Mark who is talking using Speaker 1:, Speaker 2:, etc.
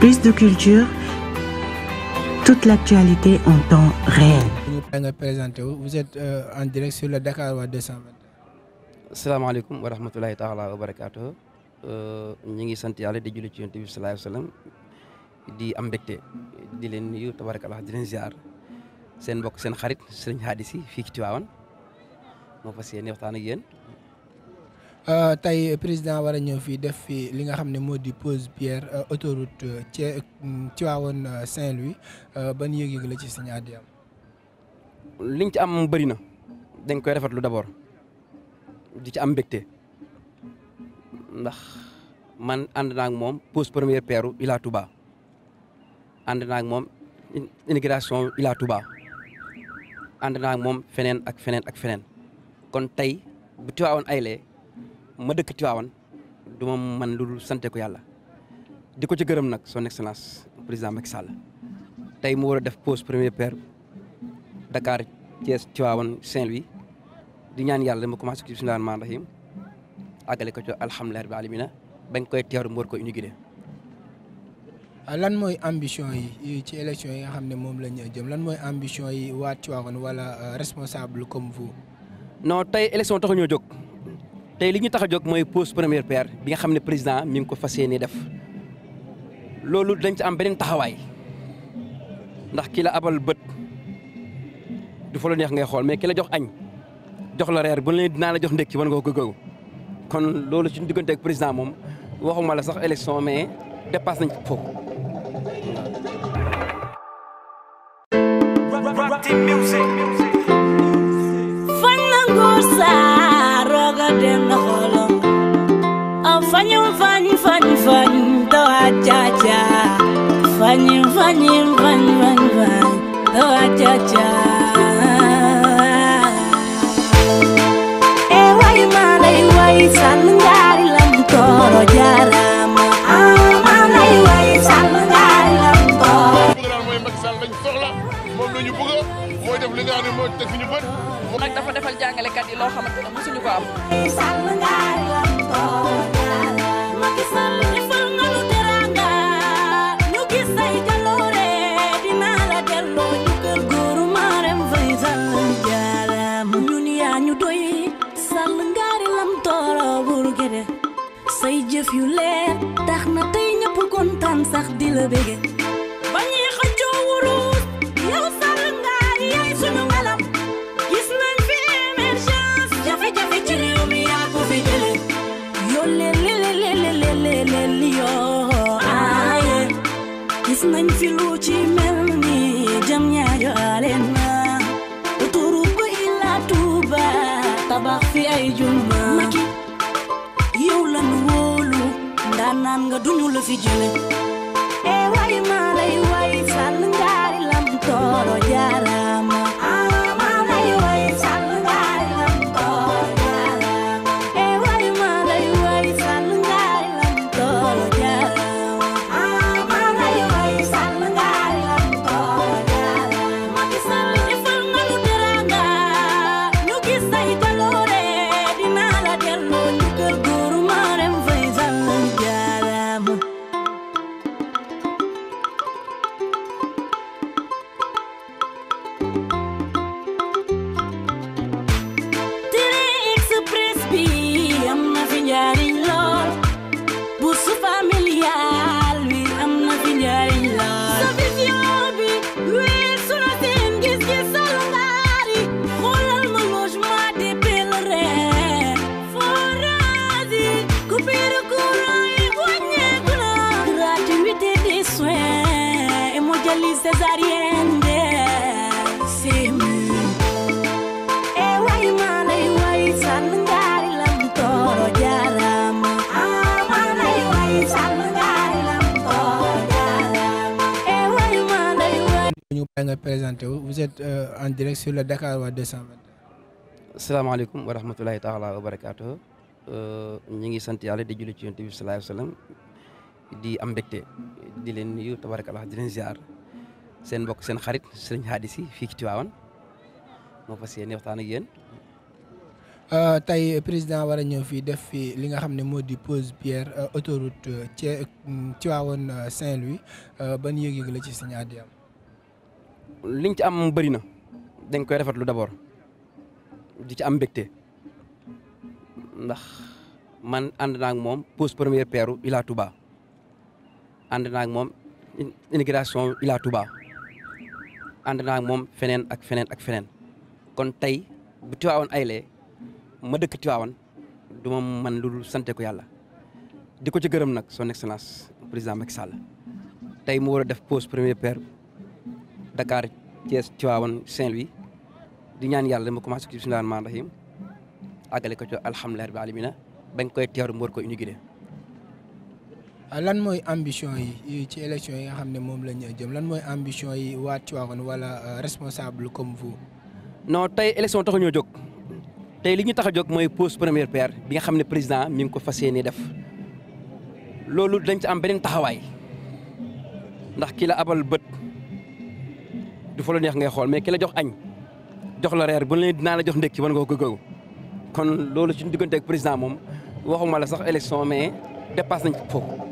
Speaker 1: plus de culture, toute l'actualité en temps réel.
Speaker 2: Vous Vous êtes euh, en direct sur le Dakar 220.
Speaker 3: Salam alaikum wa rahmatullahi ta'ala wa barakatuh. Euh, ñu ngi sant Yàlla di julli ci Yonent bi sallallahu alayhi wasallam di am mbégte di len nuyu tabarakallah di len ziar sen mbokk sen xarit Serigne Hadisi fi ci Tivaouane mo fas yéene waxtaan ak yeen
Speaker 2: Euh, tey président war a ñëw fii def fii li nga xam ne moo di pose pierre euh, autoroute ci euh, mm, Tivaouane Saint-Louis ban yëg-yëg la ci Serigne Hady am.
Speaker 3: liñ ci am bëri na dañ koy rafetlu d'abord di ci am mbégte ndax man ànd moom pose premier pierre Ila Touba ànd moom immigration Ila Touba ànd moom feneen ak feneen ak feneen kon tey bu Tivaouane aylee ma dëkk Tiwaawan du moom man lu dul sante ko yàlla di ko ci gërëm nag son excellence président Macky Sall tey mu war def pose premier pierre dakaar Thiès Tiwaawan Saint-Louis di ñaan yàlla ma commencé ko ci bismillaahi rahmaani rahiim àggale ko ci alhamdulilah rabbil aalamiina bañ koy teeru mu war ko inauguré
Speaker 2: ah, lan mooy ambition yi ci élection yi nga xam ne moom la ñu jëm lan mooy ambition yi waa Tivaouane wala euh, responsable comme vous.
Speaker 3: non tey élection taxu ñoo jóg tey li ñu tax a jóg mooy pose première pierre bi nga xam ne président mi ngi ko fa yéene def loolu dañ ci am beneen taxawaay ndax ki la abal bët du fa la neex ngay xool mais ki la jox añ jox la reer bu la dinaa la jox ndékki war nga ko gëgëw kon loolu suñu diggante président moom waxuma la sax élection mais dépasse nañ foofu. Rock
Speaker 1: Vanyi, vanyi, vanyi, vanyi, vanyi, oh, ah, cha, cha. ñu doy sàll ngaari lam tooro buuru say jëf yu leer tax na tey ñëpp kontaan di la bége bañuy xëccoo wurus feeling. césarienne de simu e way manay way san ngari lam toro jaram a manay way san ngari lam toro
Speaker 2: jaram
Speaker 1: e way manay way
Speaker 2: ñu bàyyi nga présenté wu vous êtes euh, en direct sur le Dakar Wa 221 asalaamaaleykum wa rahmatulahi taala wa barakaatuh
Speaker 3: euh, ñu ngi sant yàlla di julli ci yonent bi sallallahu alayhi wa sallam di am mbégte di leen nuyu tabarakallah di leen ziar seen mbokk seen xarit sëriñ di si fi ci Tivaouane moo fas yéene waxtaan ak yéen.
Speaker 2: Euh, tey président war a ñëw def fi li nga xam ne moo di pose pierre euh, autoroute ci euh, Tivaouane Saint-Louis ban yëg-yëg la ci sëriñ hadi am.
Speaker 3: liñ ci am bëri na dañ koy d'abord di ci am mbégte ndax man ànd naa moom pose première pierre Ila Touba ànd naa ak moom. Ila Touba ànd naa ak moom feneen ak feneen ak feneen kon tey bu Tiwaawan aylee ma dëkk Tiwaawan du ma man lu sante ko yàlla di ko ci gërëm nag son excellence président Macky Sall tey mu war def pose première pierre Dakar Thiès Tiwaawan Saint-Louis di ñaan yàlla ma commencé ko ci bismillaahi rahmaani rahiim àggale ko ci alhamdulilah rabbil aalamiina bañ koy teeru mu war ko inauguré
Speaker 2: Ah, lan mooy ambition yi ci élection yi nga xam ne moom la ñu jëm lan mooy ambition yi waa Tivaouane wala euh, responsable comme vous.
Speaker 3: non tey élection taxu ñoo jóg tey li ñu tax a jóg mooy pose première pierre bi nga xam ne président mi ngi ko fas seeni def loolu dañ ci am beneen taxawaay ndax ki la abal bët du fa la neex ngay xool mais ki la jox añ jox la reer bu la dinaa la jox ndekki war nga ko gëgëw kon loolu ci diggante ak président moom waxuma la sax élection mais dépasse nañ foofu.